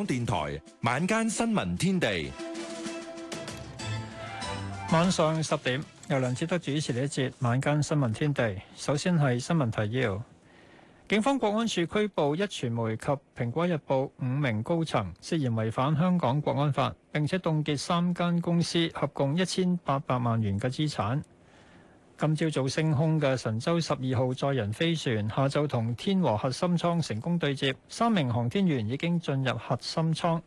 港電台晚間新聞天地，晚上十點由梁志德主持呢一節晚間新聞天地。首先係新聞提要。警方國安處拘捕壹傳媒及《蘋果日報》五名高層，涉嫌違反香港國安法，並且凍結三間公司合共一千八百萬元嘅資產。今朝早升空嘅神舟十二號載人飛船下晝同天和核心艙成功對接，三名航天員已經進入核心艙。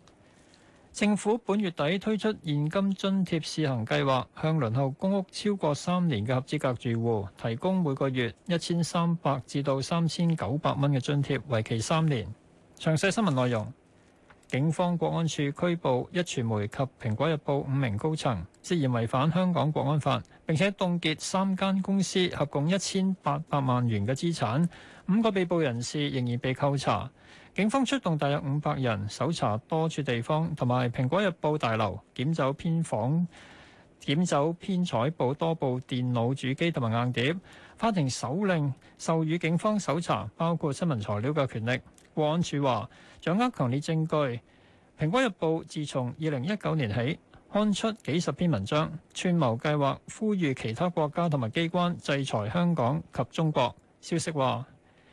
政府本月底推出現金津貼試行計劃，向輪候公屋超過三年嘅合資格住戶提供每個月一千三百至到三千九百蚊嘅津貼，為期三年。詳細新聞內容。警方國安處拘捕壹傳媒及蘋果日報五名高層，涉嫌違反香港國安法，並且凍結三間公司合共一千八百萬元嘅資產。五個被捕人士仍然被扣查。警方出動大約五百人搜查多處地方，同埋蘋果日報大樓，檢走編房、檢走編採部多部電腦、主機同埋硬碟。法庭手令授予警方搜查包括新聞材料嘅權力。國安處話掌握強烈證據，《蘋果日報》自從二零一九年起刊出幾十篇文章串謀計劃，呼籲其他國家同埋機關制裁香港及中國。消息話，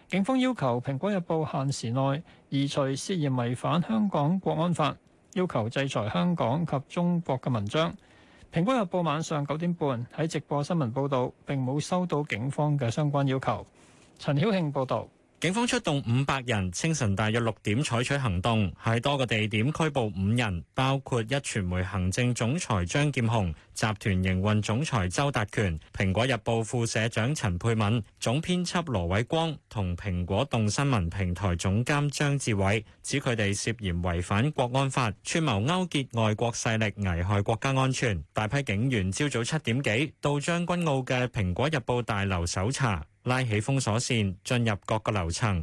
警方要求《蘋果日報》限時內移除涉嫌違反香港國安法、要求制裁香港及中國嘅文章。《蘋果日報》晚上九點半喺直播新聞報道，並冇收到警方嘅相關要求。陳曉慶報道。警方出動五百人，清晨大約六點採取行動，喺多個地點拘捕五人，包括一傳媒行政總裁張劍虹、集團營運總裁周達權、蘋果日報副社長陳佩敏、總編輯羅偉光同蘋果動新聞平台總監張志偉，指佢哋涉嫌違反國安法，串謀勾結外國勢力，危害國家安全。大批警員朝早七點幾到將軍澳嘅蘋果日報大樓搜查。拉起封鎖線進入各個樓層。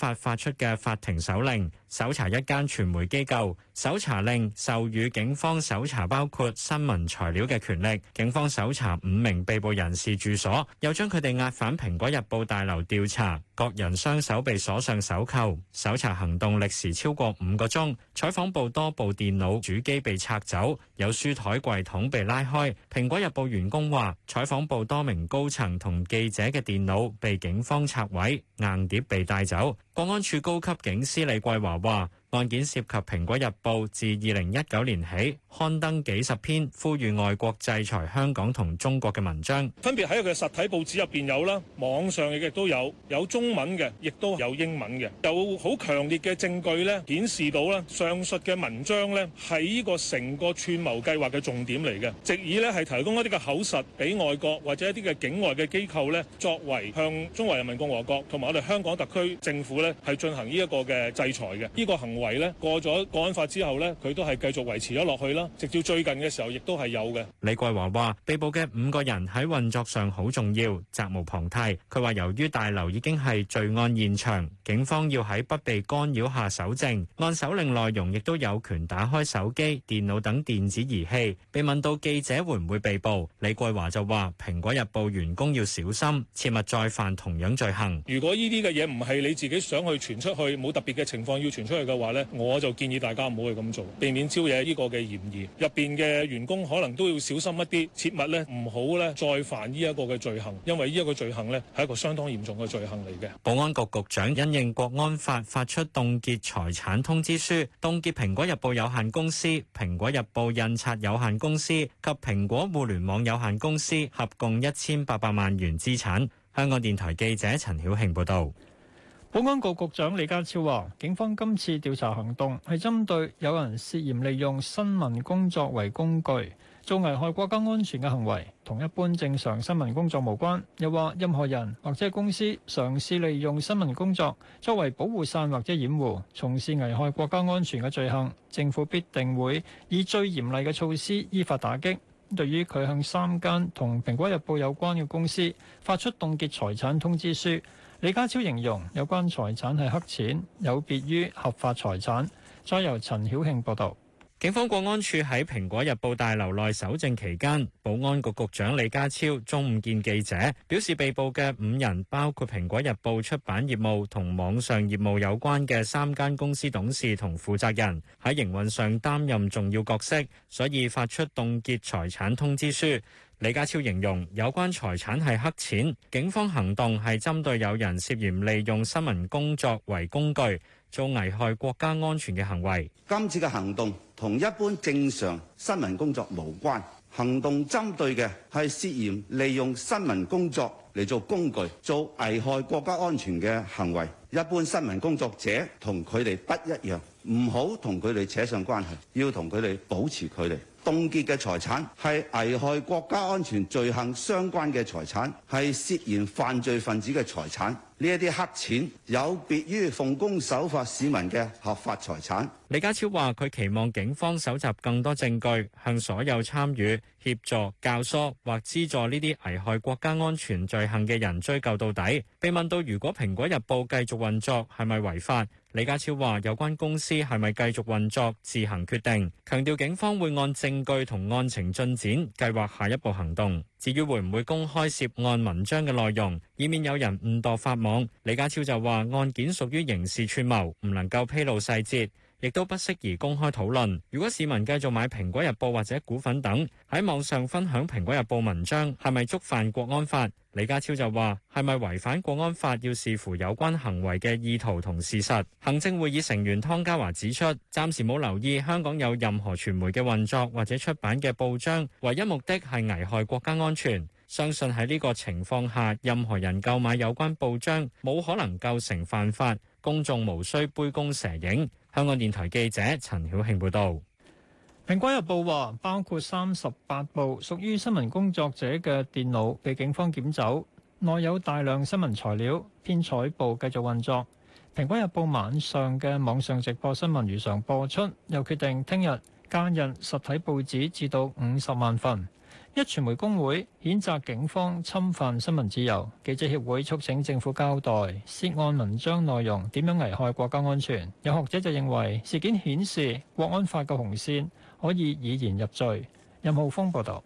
法發出嘅法庭手令，搜查一間傳媒機構。搜查令授予警方搜查包括新聞材料嘅權力。警方搜查五名被捕人士住所，又將佢哋押返《蘋果日報》大樓調查。各人雙手被鎖上手銬，搜查行動歷時超過五個鐘。採訪部多部電腦主機被拆走，有書台櫃桶被拉開。《蘋果日報》員工話，採訪部多名高層同記者嘅電腦被警方拆毀，硬碟被帶走。國安處高級警司李桂華話。案件涉及《蘋果日報》自二零一九年起刊登幾十篇呼籲外國制裁香港同中國嘅文章，分別喺佢嘅實體報紙入邊有啦，網上亦都有，有中文嘅，亦都有英文嘅，有好強烈嘅證據咧，顯示到咧上述嘅文章咧係呢個成個串謀計劃嘅重點嚟嘅，直以咧係提供一啲嘅口實俾外國或者一啲嘅境外嘅機構咧，作為向中華人民共和國同埋我哋香港特區政府咧係進行呢一個嘅制裁嘅，呢、這個行為。位咧過咗國安法之後呢，佢都係繼續維持咗落去啦。直到最近嘅時候，亦都係有嘅。李桂華話：被捕嘅五個人喺運作上好重要，責無旁貸。佢話由於大樓已經係罪案現場，警方要喺不被干擾下搜證。按手令內容，亦都有權打開手機、電腦等電子儀器。被問到記者會唔會被捕，李桂華就話：《蘋果日報》員工要小心，切勿再犯同樣罪行。如果呢啲嘅嘢唔係你自己想去傳出去，冇特別嘅情況要傳出去嘅話，我就建議大家唔好去咁做，避免招惹呢個嘅嫌疑。入邊嘅員工可能都要小心一啲，切勿呢唔好呢再犯呢一個嘅罪行，因為呢一個罪行呢係一個相當嚴重嘅罪行嚟嘅。保安局局長因應國安法發出凍結財產通知書，凍結《蘋果日報有限公司》、《蘋果日報印刷有限公司》及《蘋果互聯網有限公司》合共一千八百萬元資產。香港電台記者陳曉慶報導。保安局局長李家超話：警方今次調查行動係針對有人涉嫌利用新聞工作為工具，做危害國家安全嘅行為，同一般正常新聞工作無關。又話任何人或者公司嘗試利用新聞工作作為保護傘或者掩護，從事危害國家安全嘅罪行，政府必定會以最嚴厲嘅措施依法打擊。對於佢向三間同《蘋果日報》有關嘅公司發出凍結財產通知書。李家超形容有關財產係黑錢，有別於合法財產。再由陳曉慶報導。警方國安處喺蘋果日報大樓內搜證期間，保安局局長李家超中午見記者，表示被捕嘅五人包括蘋果日報出版業務同網上業務有關嘅三間公司董事同負責人喺營運上擔任重要角色，所以發出凍結財產通知書。李家超形容有關財產係黑錢，警方行動係針對有人涉嫌利用新聞工作為工具做危害國家安全嘅行為。今次嘅行動，同一般正常新聞工作無關，行動針對嘅係涉嫌利用新聞工作嚟做工具，做危害國家安全嘅行為，一般新聞工作者同佢哋不一樣，唔好同佢哋扯上關係，要同佢哋保持距離。凍結嘅財產係危害國家安全罪行相關嘅財產，係涉嫌犯罪分子嘅財產。呢一啲黑錢有別於奉公守法市民嘅合法財產。李家超話：佢期望警方搜集更多證據，向所有參與、協助、教唆或資助呢啲危害國家安全罪行嘅人追究到底。被問到如果《蘋果日報》繼續運作係咪違法？李家超話：有關公司係咪繼續運作，自行決定。強調警方會按證據同案情進展，計劃下一步行動。至於會唔會公開涉案文章嘅內容，以免有人誤墮法網，李家超就話案件屬於刑事串謀，唔能夠披露細節。亦都不適宜公開討論，如果市民繼續買蘋果日報或者股份等喺網上分享《蘋果日報》文章，係咪觸犯國安法？李家超就話，係咪違反國安法，要視乎有關行為嘅意圖同事實，行政會議成員湯家驊指出，暫時冇留意香港有任何傳媒嘅運作或者出版嘅報章，唯一目的係危害國家安全。相信喺呢個情況下，任何人購買有關報章冇可能構成犯法，公眾無需杯弓蛇影。香港電台記者陳曉慶報道。《蘋果日報》話，包括三十八部屬於新聞工作者嘅電腦被警方檢走，內有大量新聞材料。編採部繼續運作，《蘋果日報》晚上嘅網上直播新聞如常播出，又決定聽日加印實體報紙至到五十萬份。一傳媒工會譴責警方侵犯新聞自由，記者協會促請政府交代涉案文章內容點樣危害國家安全。有學者就認為事件顯示國安法嘅紅線可以以言入罪。任浩峰報道。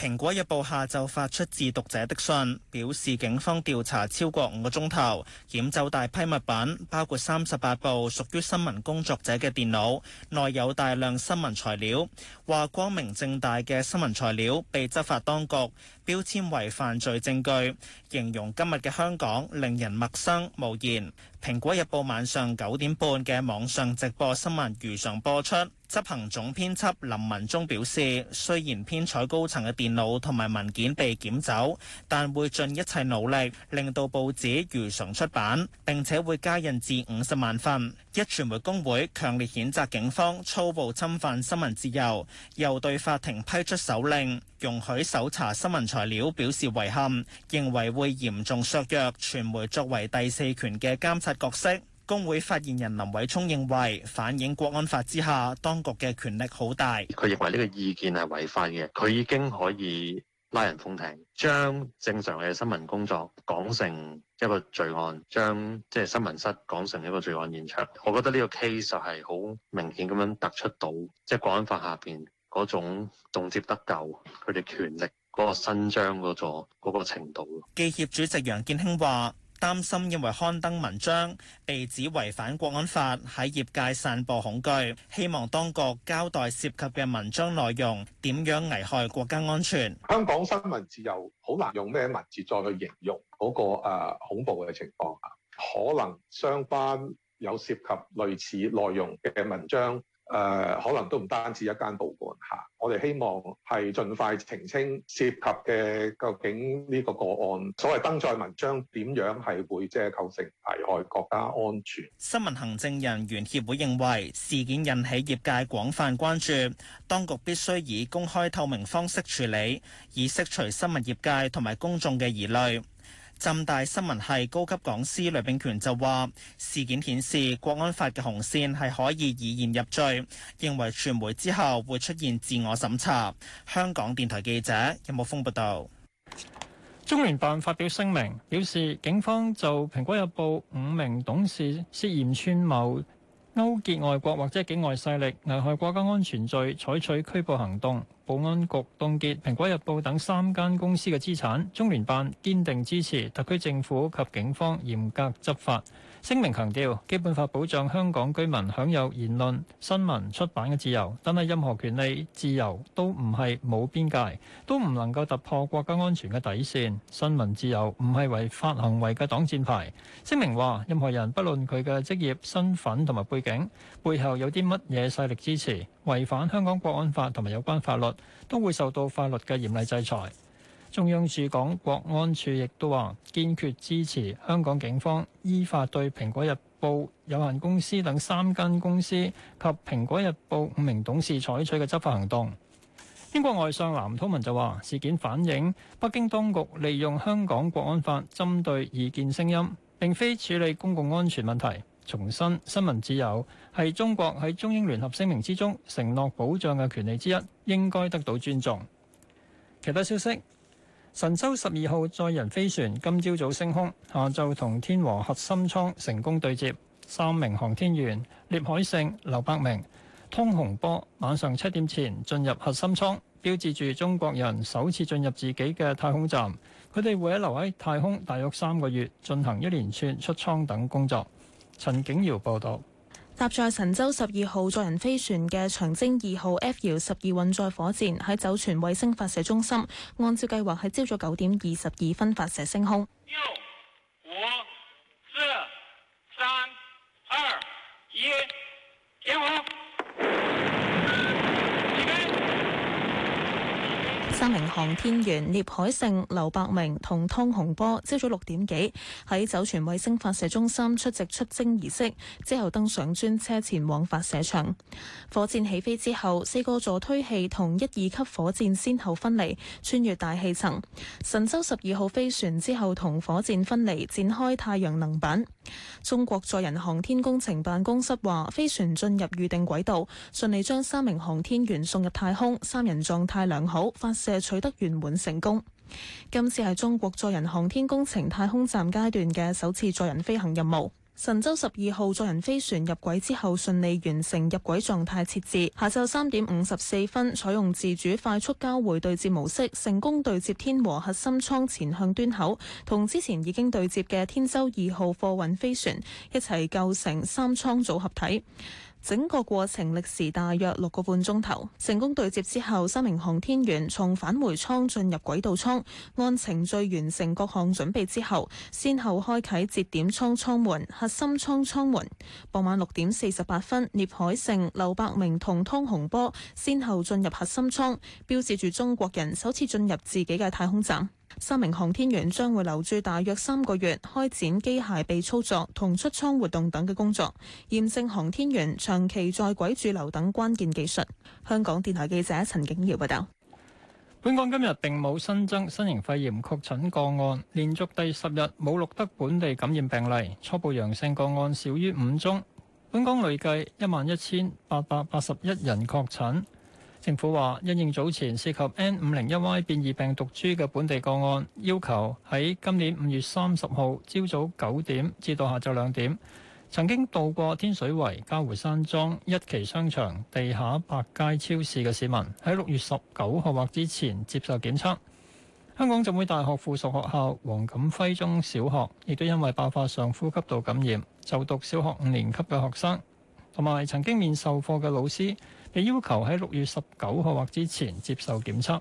蘋果日報下晝發出致讀者的信，表示警方調查超過五個鐘頭，檢走大批物品，包括三十八部屬於新聞工作者嘅電腦，內有大量新聞材料，話光明正大嘅新聞材料被執法當局。標籤為犯罪證據，形容今日嘅香港令人陌生無言。《蘋果日報》晚上九點半嘅網上直播新聞如常播出。執行總編輯林文忠表示，雖然編採高層嘅電腦同埋文件被檢走，但會盡一切努力令到報紙如常出版，並且會加印至五十萬份。一傳媒工會強烈譴責警方粗暴侵犯新聞自由，又對法庭批出手令容許搜查新聞採材料表示遺憾，認為會嚴重削弱傳媒作為第四權嘅監察角色。工會發言人林偉聰認為反映國安法之下，當局嘅權力好大。佢認為呢個意見係違法嘅，佢已經可以拉人封艇，將正常嘅新聞工作講成一個罪案，將即係新聞室講成一個罪案現場，我覺得呢個 case 就係好明顯咁樣突出到，即係國安法下邊嗰種動輒得咎佢哋權力。嗰個新章嗰座嗰個程度咯。記協主席楊建興話：擔心因為刊登文章被指違反國安法，喺業界散播恐懼，希望當局交代涉及嘅文章內容點樣危害國家安全。香港新聞自由好難用咩文字再去形容嗰、那個、啊、恐怖嘅情況。可能相關有涉及類似內容嘅文章。誒、呃、可能都唔單止一間報館嚇，我哋希望係盡快澄清涉及嘅究竟呢個個案，所謂登載文章點樣係會即係構成危害國家安全。新聞行政人員協會認為事件引起業界廣泛關注，當局必須以公開透明方式處理，以釋除新聞業界同埋公眾嘅疑慮。浸大新聞系高級講師梁炳權就話：事件顯示《國安法》嘅紅線係可以以言入罪，認為傳媒之後會出現自我審查。香港電台記者任木風報導。中聯辦發表聲明，表示警方就《蘋果日報》五名董事涉嫌串謀勾結外國或者境外勢力，危害國家安全罪，採取拘捕行動。保安局凍結蘋果日報等三間公司嘅資產，中聯辦堅定支持特區政府及警方嚴格執法。聲明強調，基本法保障香港居民享有言論、新聞、出版嘅自由，但係任何權利、自由都唔係冇邊界，都唔能夠突破國家安全嘅底線，新聞自由唔係違法行為嘅擋箭牌。聲明話，任何人不論佢嘅職業、身份同埋背景，背後有啲乜嘢勢力支持，違反香港國安法同埋有關法律，都會受到法律嘅嚴厲制裁。中央駐港國安處亦都話，堅決支持香港警方依法對《蘋果日報》有限公司等三間公司及《蘋果日報》五名董事採取嘅執法行動。英國外相藍韜文就話，事件反映北京當局利用香港國安法針對異見聲音，並非處理公共安全問題。重申新，新聞自由係中國喺中英聯合聲明之中承諾保障嘅權利之一，應該得到尊重。其他消息：神舟十二號載人飛船今朝早早升空，下晝同天和核心艙成功對接，三名航天員聶海勝、劉伯明、湯洪波晚上七點前進入核心艙，標誌住中國人首次進入自己嘅太空站。佢哋會喺留喺太空大約三個月，進行一連串出艙等工作。陳景瑤報道。搭載神舟十二號載人飛船嘅長征二號 F 遙十二運載火箭喺酒泉衛星發射中心，按照計劃喺朝早九點二十二分發射升空。6, 5, 4, 3, 2, 1, 點火。名航天員聶海勝、劉伯明同湯洪波，朝早六點幾喺酒泉衛星發射中心出席出征儀式，之後登上專車前往發射場。火箭起飛之後，四個助推器同一二級火箭先後分離，穿越大氣層。神舟十二號飛船之後同火箭分離，展開太陽能板。中國載人航天工程辦公室話，飛船進入預定軌道，順利將三名航天員送入太空，三人狀態良好，發射取得圓滿成功。今次係中國載人航天工程太空站階段嘅首次載人飛行任務。神舟十二號載人飛船入軌之後，順利完成入軌狀態設置。下晝三點五十四分，採用自主快速交會對接模式，成功對接天和核心艙前向端口，同之前已經對接嘅天舟二號貨運飛船一齊構成三艙組合體。整個過程歷時大約六個半鐘頭，成功對接之後，三名航天員從返回艙進入軌道艙，按程序完成各項準備之後，先後開啟節點艙艙門、核心艙艙門。傍晚六點四十八分，聶海勝、劉伯明同湯洪波先後進入核心艙，標誌住中國人首次進入自己嘅太空站。三名航天員將會留駐大約三個月，開展機械臂操作、同出艙活動等嘅工作，驗證航天員長期在軌駐留等關鍵技術。香港電台記者陳景瑤報道。本港今日並冇新增新型肺炎確診個案，連續第十日冇錄得本地感染病例，初步陽性個案少於五宗。本港累計一萬一千八百八十一人確診。政府話，因應早前涉及 N501Y 變異病毒株嘅本地個案，要求喺今年五月三十號朝早九點至到下晝兩點，曾經到過天水圍嘉湖山莊一期商場地下百佳超市嘅市民，喺六月十九號或之前接受檢測。香港浸會大學附屬學校黃錦輝中小學亦都因為爆發上呼吸道感染，就讀小學五年級嘅學生同埋曾經面授課嘅老師，要求喺六月十九號或之前接受檢測。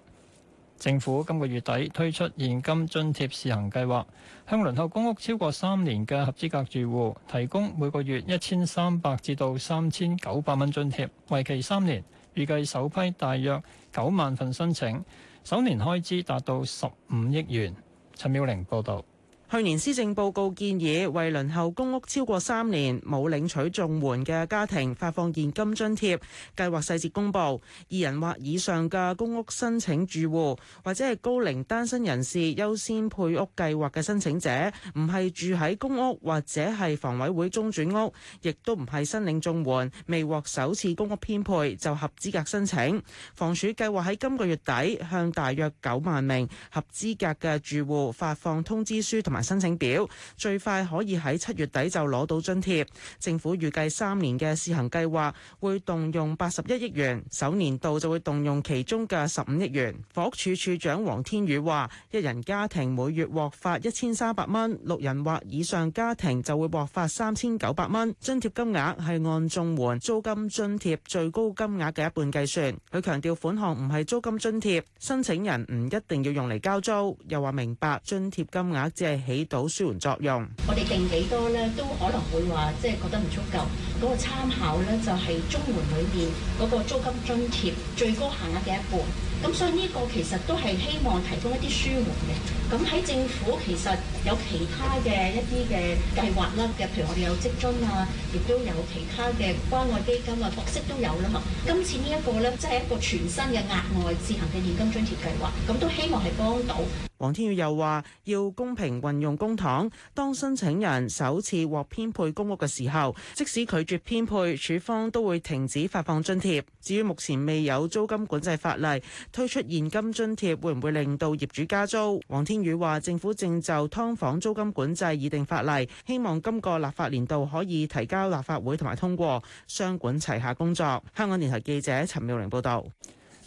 政府今個月底推出現金津貼試行計劃，向輪候公屋超過三年嘅合資格住戶提供每個月一千三百至到三千九百蚊津貼，為期三年。預計首批大約九萬份申請，首年開支達到十五億元。陳妙玲報導。去年施政報告建議為輪候公屋超過三年冇領取綜援嘅家庭發放現金津貼，計劃細節公佈。二人或以上嘅公屋申請住戶，或者係高齡單身人士優先配屋計劃嘅申請者，唔係住喺公屋或者係房委會中轉屋，亦都唔係申領綜援未獲首次公屋編配就合資格申請。房署計劃喺今個月底向大約九萬名合資格嘅住戶發放通知書同埋。申請表最快可以喺七月底就攞到津貼。政府預計三年嘅試行計劃會動用八十一億元，首年度就會動用其中嘅十五億元。房屋署署長黃天宇話，一人家庭每月獲發一千三百蚊，六人或以上家庭就會獲發三千九百蚊。津貼金額係按綜援租金津貼最高金額嘅一半計算。佢強調款項唔係租金津貼，申請人唔一定要用嚟交租。又話明白津貼金額只係。起到舒緩作用。我哋定幾多咧，都可能會話，即係覺得唔足夠。嗰個參考咧，就係綜援裏邊嗰個租金津貼最高限額嘅一半。咁所以呢個其實都係希望提供一啲舒緩嘅。咁喺政府其實有其他嘅一啲嘅計劃啦，嘅譬如我哋有積金啊，亦都有其他嘅關愛基金啊，各式都有啦、啊、嘛。今次呢一個咧，即係一個全新嘅額外自行嘅現金津貼計劃，咁都希望係幫到。黃天宇又話要公平運用公帑，當申請人首次獲編配公屋嘅時候，即使拒絕編配，署方都會停止發放津貼。至於目前未有租金管制法例，推出現金津貼會唔會令到業主加租？黃天宇話：政府正就劏房租金管制擬定法例，希望今個立法年度可以提交立法會同埋通過。雙管齊下工作。香港電台記者陳妙玲報導。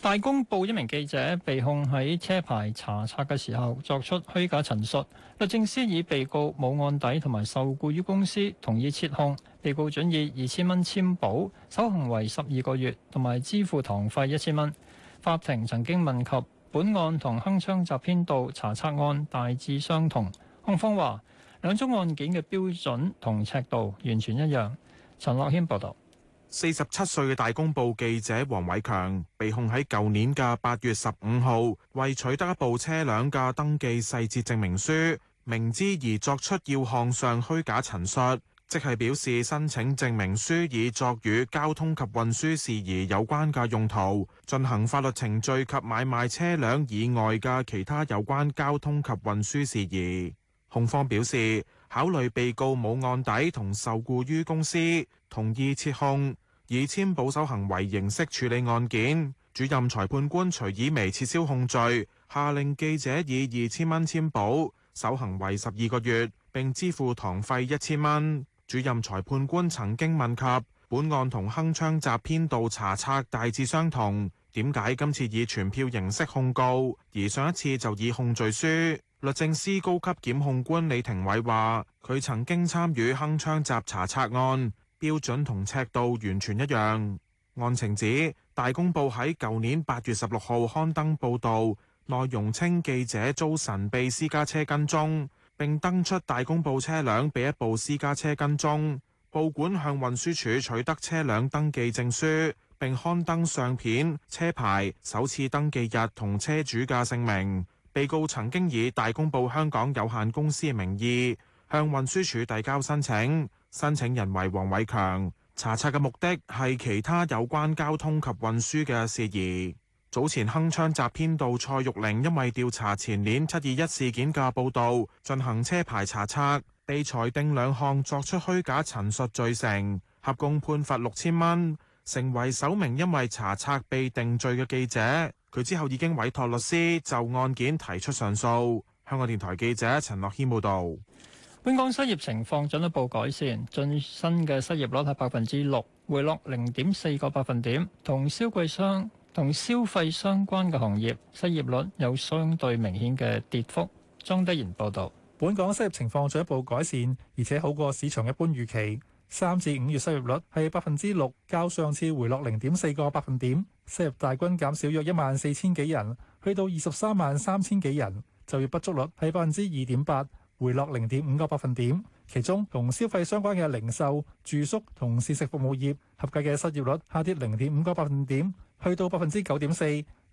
大公報一名記者被控喺車牌查冊嘅時候作出虛假陳述，律政司以被告冇案底同埋受雇於公司，同意撤控。被告准以二千蚊簽保，守行為十二個月，同埋支付堂費一千蚊。法庭曾經問及本案同《鏗鏘集》編導查冊案大致相同，控方話兩宗案件嘅標準同尺度完全一樣。陳樂軒報道：「四十七歲嘅大公報記者黃偉強被控喺舊年嘅八月十五號，為取得一部車輛嘅登記細節證明書，明知而作出要項上虛假陳述。即係表示申請證明書以作與交通及運輸事宜有關嘅用途，進行法律程序及買賣車輛以外嘅其他有關交通及運輸事宜。控方表示考慮被告冇案底同受雇於公司，同意撤控，以簽保守行為形式處理案件。主任裁判官徐以薇撤銷控罪，下令記者以二千蚊簽保守行為十二個月，並支付堂費一千蚊。主任裁判官曾經問及本案同《鏗槍集鏗鏘集》編導查冊大致相同，點解今次以傳票形式控告，而上一次就以控罪書？律政司高級檢控官李庭偉話：佢曾經參與《鏗鏘集》查冊案，標準同尺度完全一樣。案情指《大公報》喺舊年八月十六號刊登報導，內容稱記者遭神秘私家車跟蹤。並登出大公報車輛被一部私家車跟蹤，報館向運輸署取得車輛登記證書，並刊登相片、車牌、首次登記日同車主嘅姓名。被告曾經以大公報香港有限公司嘅名義向運輸署遞交申請，申請人為黃偉強。查冊嘅目的係其他有關交通及運輸嘅事宜。早前鏗鏘集編導蔡玉玲，因為調查前年七二一事件嘅報道進行車牌查冊，被裁定兩項作出虛假陳述罪成，合共判罰六千蚊，成為首名因為查冊被定罪嘅記者。佢之後已經委託律師就案件提出上訴。香港電台記者陳樂謙報道。本港失業情況進一步改善，最新嘅失業率係百分之六，回落零點四個百分點，同消季商。同消費相關嘅行業失業率有相對明顯嘅跌幅。張德賢報道，本港失業情況進一步改善，而且好過市場一般預期。三至五月失業率係百分之六，較上次回落零點四個百分點。失業大軍減少約一萬四千幾人，去到二十三萬三千幾人。就業不足率係百分之二點八，回落零點五個百分點。其中同消費相關嘅零售、住宿同膳食服務業合計嘅失業率下跌零點五個百分點。去到百分之九點四，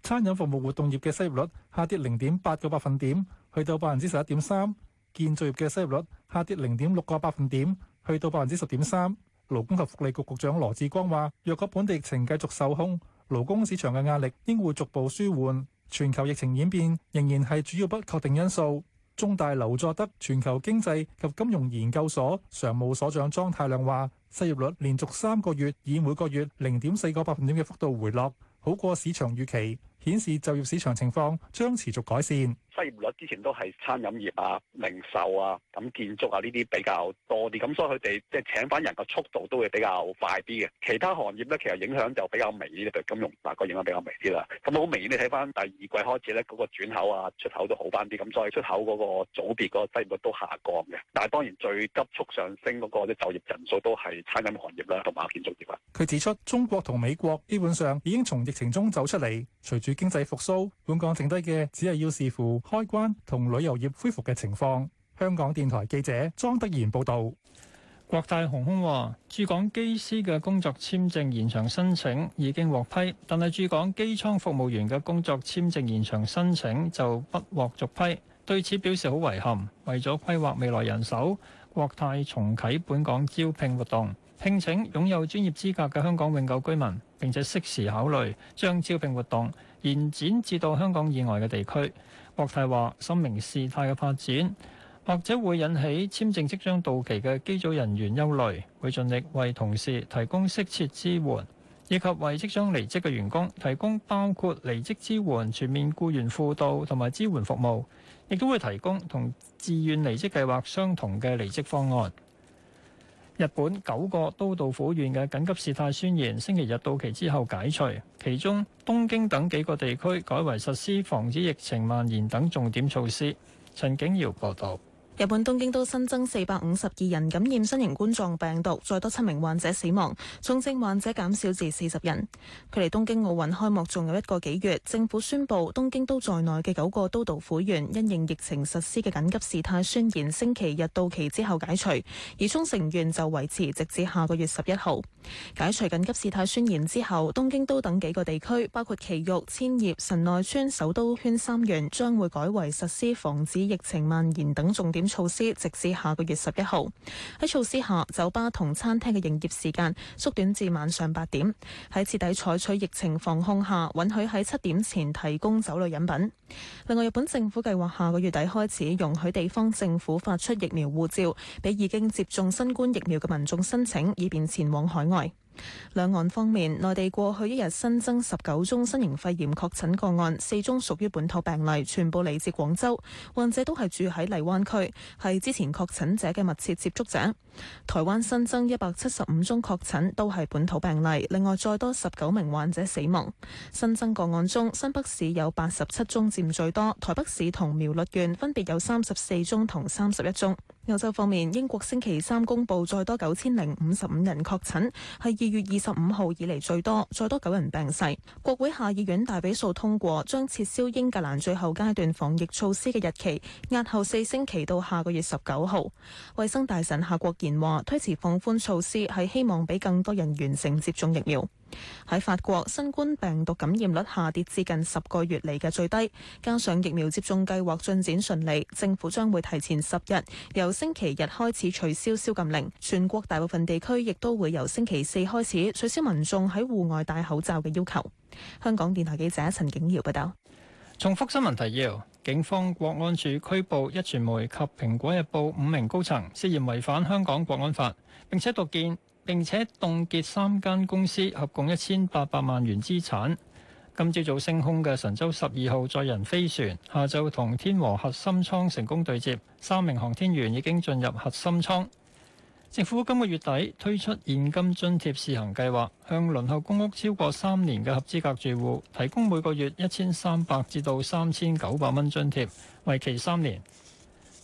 餐飲服務活動業嘅失業率下跌零點八個百分點，去到百分之十一點三；建造業嘅失業率下跌零點六個百分點，去到百分之十點三。勞工及福利局局長羅致光話：若果本地疫情繼續受控，勞工市場嘅壓力應會逐步舒緩。全球疫情演變仍然係主要不確定因素。中大劉佐德全球經濟及金融研究所常務所長莊太量話。失業率連續三個月以每個月零點四個百分點嘅幅度回落，好過市場預期，顯示就業市場情況將持續改善。失業率之前都係餐飲業啊、零售啊、咁建築啊呢啲比較多啲，咁所以佢哋即係請翻人嘅速度都會比較快啲嘅。其他行業咧，其實影響就比較微啲，譬如金融嗱個影響比較微啲啦。咁好明顯，你睇翻第二季開始咧，嗰個轉口啊、出口都好翻啲，咁所以出口嗰個組別嗰個失業率都下降嘅。但係當然最急速上升嗰個就業人數都係餐飲行業啦，同埋建築業啊。佢指出，中國同美國基本上已經從疫情中走出嚟，隨住經濟復甦，本港剩低嘅只係要，要視乎開關同旅遊業恢復嘅情況。香港電台記者莊德賢報道，國泰航空話，駐港機師嘅工作簽證延長申請已經獲批，但係駐港機艙服務員嘅工作簽證延長申請就不獲續批。對此表示好遺憾。為咗規劃未來人手，國泰重啟本港招聘活動，聘請擁有專業資格嘅香港永久居民，並且適時考慮將招聘活動延展至到香港以外嘅地區。國泰話，深明事態嘅發展，或者會引起簽證即將到期嘅機組人員憂慮，會盡力為同事提供適切支援，以及為即將離職嘅員工提供包括離職支援、全面僱員輔導同埋支援服務，亦都會提供同自願離職計劃相同嘅離職方案。日本九個都道府縣嘅緊急事態宣言星期日到期之後解除，其中東京等幾個地區改為實施防止疫情蔓延等重點措施。陳景堯報道。日本東京都新增四百五十二人感染新型冠狀病毒，再多七名患者死亡，重症患者減少至四十人。距離東京奧運開幕仲有一個幾月，政府宣布東京都在內嘅九個都道府縣因應疫情實施嘅緊急事態宣言星期日到期之後解除，而沖繩縣就維持直至下個月十一號。解除緊急事態宣言之後，東京都等幾個地區，包括埼玉、千葉神、神奈川、首都圈三縣，將會改為實施防止疫情蔓延等重點措施直至下個月十一號。喺措施下，酒吧同餐廳嘅營業時間縮短至晚上八點。喺徹底採取疫情防控下，允許喺七點前提供酒類飲品。另外，日本政府計劃下個月底開始容許地方政府發出疫苗護照，俾已經接種新冠疫苗嘅民眾申請，以便前往海外。兩岸方面，內地過去一日新增十九宗新型肺炎確診個案，四宗屬於本土病例，全部嚟自廣州，患者都係住喺荔灣區，係之前確診者嘅密切接觸者。台灣新增一百七十五宗確診，都係本土病例，另外再多十九名患者死亡。新增個案中，新北市有八十七宗佔最多，台北市同苗栗縣分別有三十四宗同三十一宗。歐洲方面，英國星期三公布再多九千零五十五人確診，係二月二十五號以嚟最多，再多九人病逝。國會下議院大比數通過，將撤銷英格蘭最後階段防疫措施嘅日期，押後四星期到下個月十九號。衛生大臣夏國賢話，推遲放寬措施係希望俾更多人完成接種疫苗。喺法國，新冠病毒感染率下跌至近十個月嚟嘅最低，加上疫苗接種計劃進展順利，政府將會提前十日，由星期日開始取消宵禁令。全國大部分地區亦都會由星期四開始取消民眾喺戶外戴口罩嘅要求。香港電台記者陳景瑤報道。重複新聞提要，警方國安處拘捕一傳媒及蘋果日報五名高層，涉嫌違反香港國安法，並且讀見。並且凍結三間公司合共一千八百萬元資產。今朝早升空嘅神舟十二號載人飛船，下晝同天和核心艙成功對接，三名航天員已經進入核心艙。政府今個月底推出現金津貼試行計劃，向輪候公屋超過三年嘅合資格住戶提供每個月一千三百至到三千九百蚊津貼，為期三年。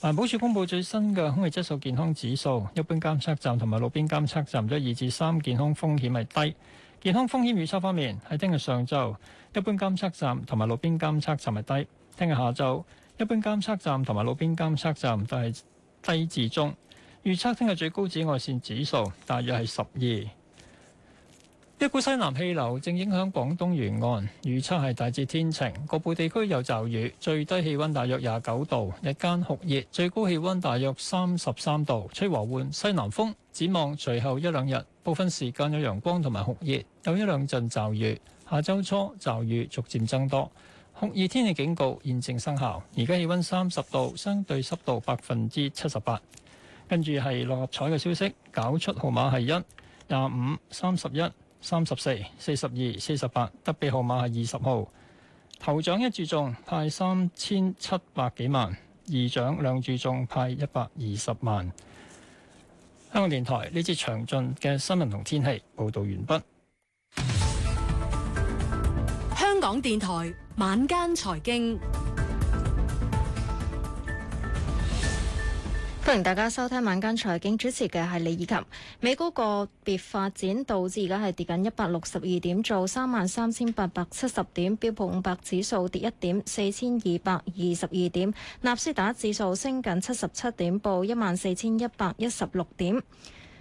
環保署公布最新嘅空氣質素健康指數，一般監測站同埋路邊監測站都二至三，健康風險係低。健康風險預測方面，喺聽日上晝，一般監測站同埋路邊監測站係低；聽日下晝，一般監測站同埋路邊監測站都係低至中。預測聽日最高紫外線指數大約係十二。一股西南氣流正影響廣東沿岸，預測係大致天晴，局部地區有驟雨，最低氣温大約廿九度，日間酷熱，最高氣温大約三十三度，吹和緩西南風。展望隨後一兩日部分時間有陽光同埋酷熱，有一兩陣驟雨，下周初驟雨逐漸增多，酷熱天氣警告現正生效。而家氣温三十度，相對濕度百分之七十八。跟住係六合彩嘅消息，攪出號碼係一廿五三十一。三十四、四十二、四十八，特別號碼係二十號。頭獎一注中派三千七百幾萬，二獎兩注中派一百二十萬。香港電台呢次詳盡嘅新聞同天氣報導完畢。香港電台晚間財經。歡迎大家收聽晚間財經，主持嘅係李以琴。美股個別發展，導致而家係跌緊一百六十二點，做三萬三千八百七十點。標普五百指數跌一點，四千二百二十二點。納斯達指數升緊七十七點，報一萬四千一百一十六點。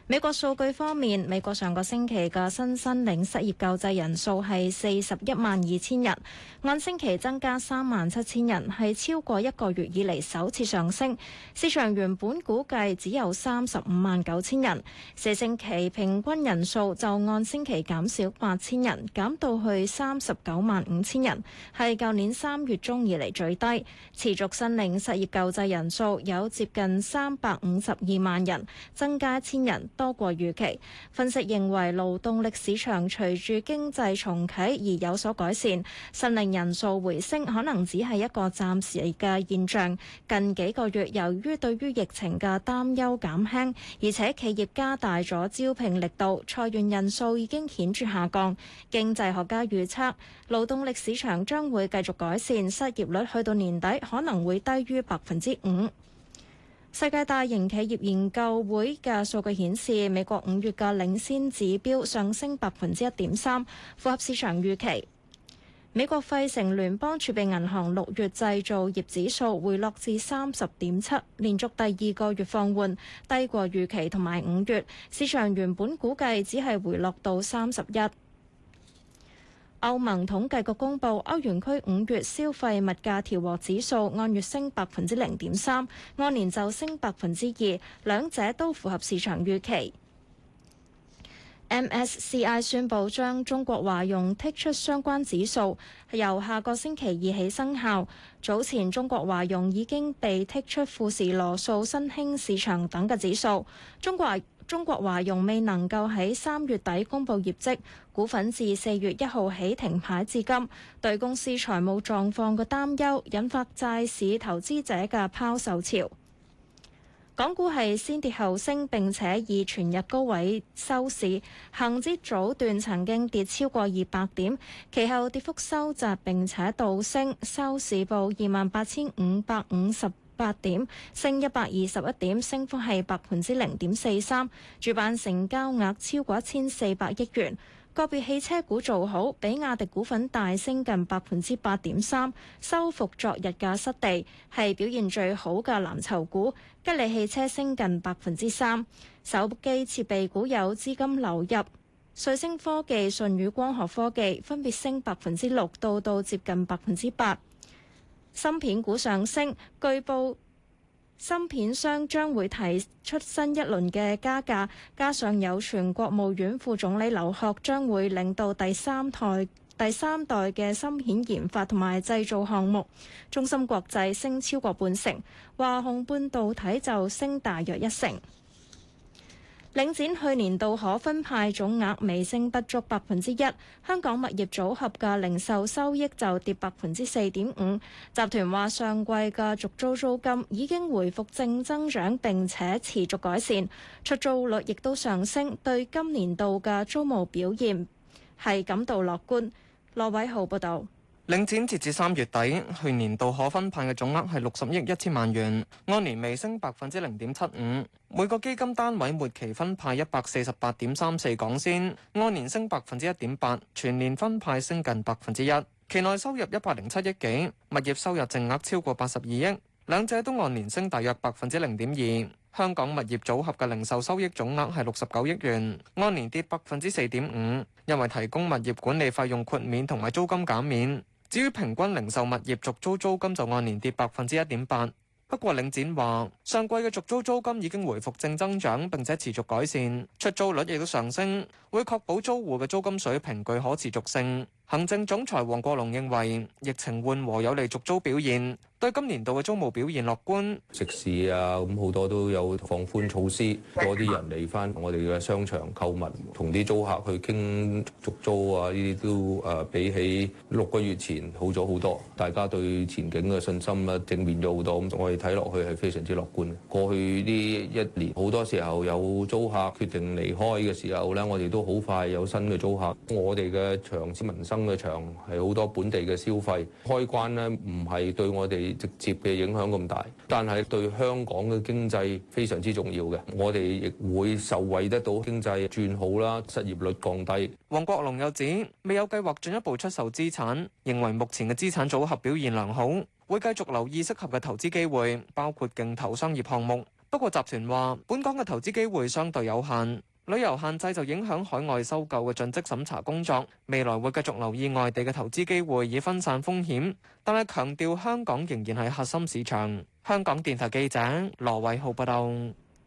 美國數據方面，美國上個星期嘅新申領失業救濟人數係四十一萬二千人，按星期增加三萬七千人，係超過一個月以嚟首次上升。市場原本估計只有三十五萬九千人，四星期平均人數就按星期減少八千人，減到去三十九萬五千人，係舊年三月中以嚟最低。持續申領失業救濟人數有接近三百五十二萬人，增加一千人。多過預期，分析認為勞動力市場隨住經濟重啟而有所改善，申領人數回升可能只係一個暫時嘅現象。近幾個月由於對於疫情嘅擔憂減輕，而且企業加大咗招聘力度，裁員人數已經顯著下降。經濟學家預測勞動力市場將會繼續改善，失業率去到年底可能會低於百分之五。世界大型企業研究會嘅數據顯示，美國五月嘅領先指標上升百分之一點三，符合市場預期。美國費城聯邦儲備銀行六月製造業指數回落至三十點七，連續第二個月放緩，低過預期同埋五月市場原本估計只係回落到三十一。歐盟統計局公佈歐元區五月消費物價調和指數按月升百分之零點三，按年就升百分之二，兩者都符合市場預期。MSCI 宣佈將中國華融剔出相關指數，由下個星期二起生效。早前中國華融已經被剔出富時羅素、新興市場等嘅指數。中國中國華融未能夠喺三月底公布業績，股份自四月一號起停牌至今，對公司財務狀況嘅擔憂引發債市投資者嘅拋售潮。港股係先跌後升，並且以全日高位收市，恒指早段曾經跌超過二百點，其後跌幅收窄，並且倒升收市報二萬八千五百五十，八點，升一百二十一點，升幅係百分之零點四三。主板成交額超過一千四百億元。個別汽車股做好，比亞迪股份大升近百分之八點三，收復昨日嘅失地，係表現最好嘅藍籌股。吉利汽車升近百分之三。手機設備股有資金流入，瑞聲科技、舜宇光學科技分別升百分之六到到接近百分之八。芯片股上升，據報芯片商將會提出新一輪嘅加價，加上有傳國務院副總理劉鶴將會領導第三代第三代嘅芯片研發同埋製造項目，中芯國際升超過半成，華虹半導體就升大約一成。領展去年度可分派總額微升不足百分之一，香港物業組合嘅零售收益就跌百分之四點五。集團話上季嘅續租租金已經回復正增長並且持續改善，出租率亦都上升，對今年度嘅租務表現係感到樂觀。羅偉浩報導。領展截至三月底，去年度可分派嘅總額係六十億一千萬元，按年微升百分之零點七五。每個基金單位末期分派一百四十八點三四港仙，按年升百分之一點八，全年分派升近百分之一。期內收入一百零七億幾，物業收入淨額超過八十二億，兩者都按年升大約百分之零點二。香港物業組合嘅零售收益總額係六十九億元，按年跌百分之四點五，因為提供物業管理費用豁免同埋租金減免。至於平均零售物業續租租金就按年跌百分之一點八，不過領展話上季嘅續租租金已經回復正增長，並且持續改善，出租率亦都上升，會確保租戶嘅租金水平具可持續性。行政總裁黃國龍認為疫情緩和有利續租表現，對今年度嘅租務表現樂觀。食肆啊，咁好多都有放寬措施，多啲人嚟翻我哋嘅商場購物，同啲租客去傾續租啊，呢啲都誒、呃、比起六個月前好咗好多，大家對前景嘅信心啊正面咗好多，咁我哋睇落去係非常之樂觀。過去呢一年好多時候有租客決定離開嘅時候咧，我哋都好快有新嘅租客。我哋嘅長線民生嘅場係好多本地嘅消費開關呢，唔係對我哋直接嘅影響咁大，但係對香港嘅經濟非常之重要嘅。我哋亦會受惠得到經濟轉好啦，失業率降低。黃國龍又指未有計劃進一步出售資產，認為目前嘅資產組合表現良好，會繼續留意適合嘅投資機會，包括競投商業項目。不過集團話本港嘅投資機會相對有限。旅遊限制就影響海外收購嘅盡職審查工作，未來會繼續留意外地嘅投資機會以分散風險，但係強調香港仍然係核心市場。香港電台記者羅偉浩報道。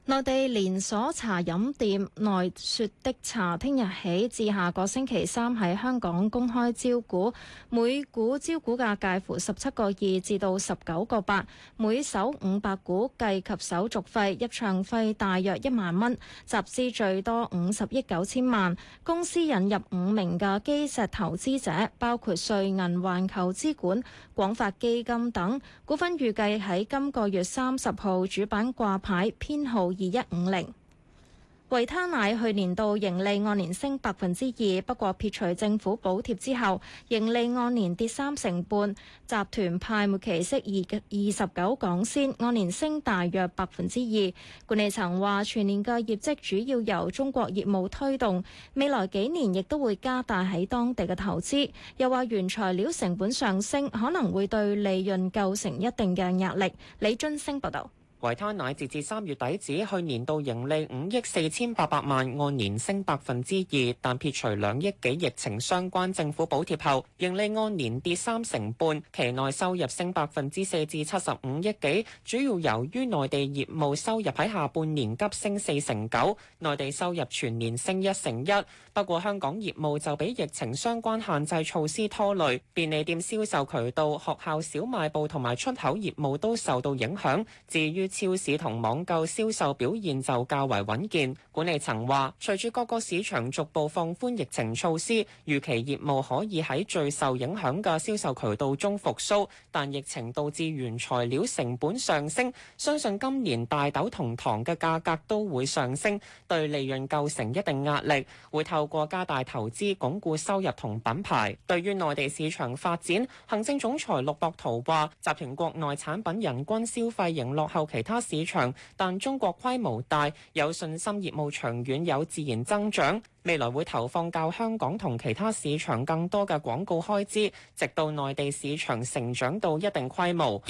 內地連鎖茶飲店奈雪的茶，聽日起至下個星期三喺香港公開招股，每股招股價介乎十七個二至到十九個八，每手五百股，計及手續費、入場費大約一萬蚊，集資最多五十億九千萬。公司引入五名嘅基石投資者，包括瑞銀環球資管、廣發基金等。股份預計喺今個月三十號主板掛牌編號。二一五零，維他奶去年度盈利按年升百分之二，不過撇除政府補貼之後，盈利按年跌三成半。集團派末期息二二十九港仙，按年升大約百分之二。管理層話，全年嘅業績主要由中國業務推動，未來幾年亦都會加大喺當地嘅投資。又話原材料成本上升，可能會對利潤構成一定嘅壓力。李津升報道。維他奶截至三月底止，去年度盈利五億四千八百萬，按年升百分之二，但撇除兩億幾疫情相關政府補貼後，盈利按年跌三成半。期內收入升百分之四至七十五億幾，主要由於內地業務收入喺下半年急升四成九，內地收入全年升一成一。不過香港業務就俾疫情相關限制措施拖累，便利店銷售渠道、學校小賣部同埋出口業務都受到影響。至於超市同網購銷售表現就較為穩健，管理層話：隨住各個市場逐步放寬疫情措施，預期業務可以喺最受影響嘅銷售渠道中復甦。但疫情導致原材料成本上升，相信今年大豆同糖嘅價格都會上升，對利潤構成一定壓力。會透過加大投資，鞏固收入同品牌。對於內地市場發展，行政總裁陸博圖話：集團國內產品人均消費仍落後。其他市場，但中國規模大，有信心業務長遠，有自然增長，未來會投放較香港同其他市場更多嘅廣告開支，直到內地市場成長到一定規模。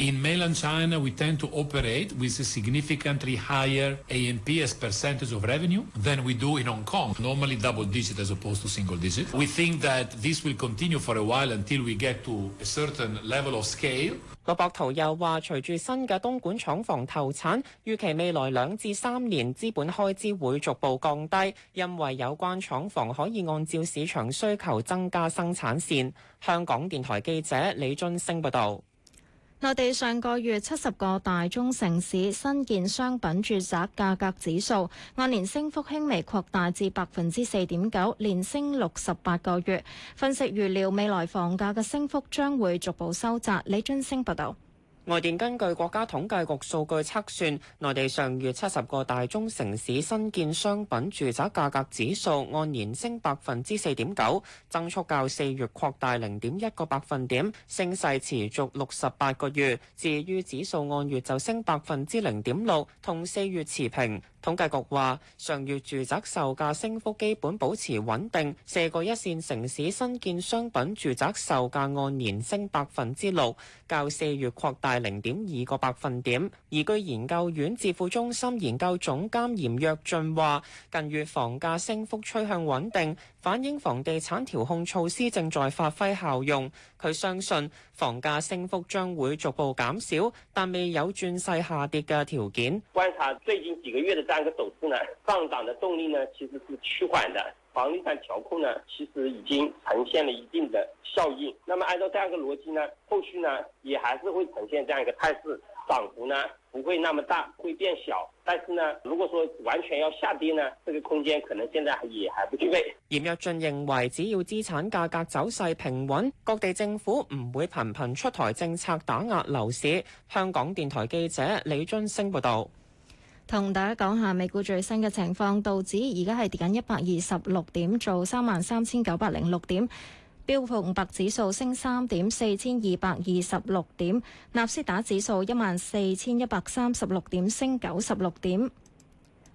羅博圖又話，隨住新嘅東莞廠房投產，預期未來兩至三年資本開支會逐步降低，因為有關廠房可以按照市場需求增加生產線。香港電台記者李津升報道。內地上個月七十個大中城市新建商品住宅價格指數按年升幅輕微擴大至百分之四點九，連升六十八個月。分析預料未來房價嘅升幅將會逐步收窄。李津星報道。外電根據國家統計局數據測算，內地上月七十個大中城市新建商品住宅價格指數按年升百分之四點九，增速較四月擴大零點一個百分點，升勢持續六十八個月。至於指數按月就升百分之零點六，同四月持平。統計局話上月住宅售價升幅基本保持穩定，四個一線城市新建商品住宅售價按年升百分之六，較四月擴大零點二個百分點，易居研究院智庫中心研究總監嚴躍進話近月房價升幅趨向穩定，反映房地產調控措施正在發揮效用。佢相信房價升幅將會逐步減少，但未有轉勢下跌嘅條件。觀察最近幾個月嘅。按個走勢呢，上漲的動力呢，其實是趨緩的。房地產調控呢，其實已經呈現了一定的效應。那麼按照這樣一個邏輯呢，後續呢，也還是會呈現這樣一個態勢，漲幅呢，不會那麼大，會變小。但是呢，如果說完全要下跌呢，這個空間可能現在也還不具備。嚴躍進認為，只要資產價格走勢平穩，各地政府唔會頻頻出台政策打壓樓市。香港電台記者李俊升報道。同大家講下美股最新嘅情況，道指而家係跌緊一百二十六點，做三萬三千九百零六點，標普五百指數升三點，四千二百二十六點，納斯達指數一萬四千一百三十六點，升九十六點。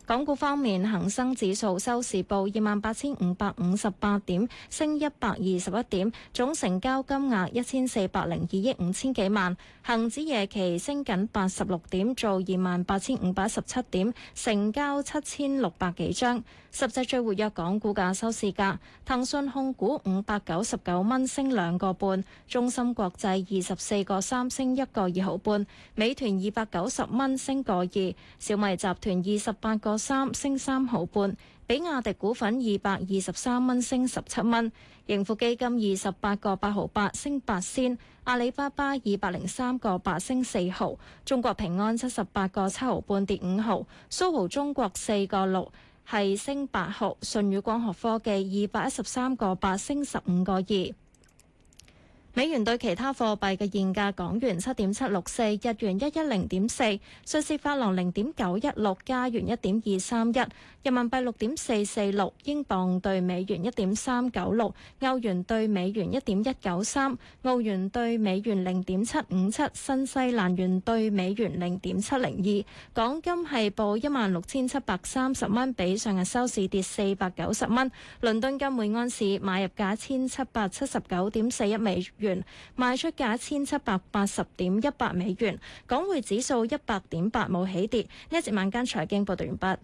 港股方面，恒生指數收市報二萬八千五百五十八點，升一百二十一點，總成交金額一千四百零二億五千幾萬。恒指夜期升緊八十六點，做二萬八千五百一十七點，成交七千六百幾張。十隻最活躍港股嘅收市價，騰訊控股五百九十九蚊升兩個半，中芯國際二十四個三升一個二毫半，美團二百九十蚊升個二，小米集團二十八個。三升三毫半，比亞迪股份二百二十三蚊升十七蚊，盈富基金二十八個八毫八升八仙，阿里巴巴二百零三個八升四毫，中國平安七十八個七毫半跌五毫，蘇豪中國四個六係升八毫，舜宇光學科技二百一十三個八升十五個二。美元兌其他貨幣嘅現價：港元七點七六四，日元一一零點四，瑞士法郎零點九一六，加元一點二三一，人民幣六點四四六，英鎊對美元一點三九六，歐元對美元一點一九三，澳元對美元零點七五七，新西蘭元對美元零點七零二。港金係報一萬六千七百三十蚊，比上日收市跌四百九十蚊。倫敦金每安士買入價一千七百七十九點四一美元。元賣出價一千七百八十點一八美元，港匯指數一百點八，冇起跌。呢一節晚間財經報道完畢。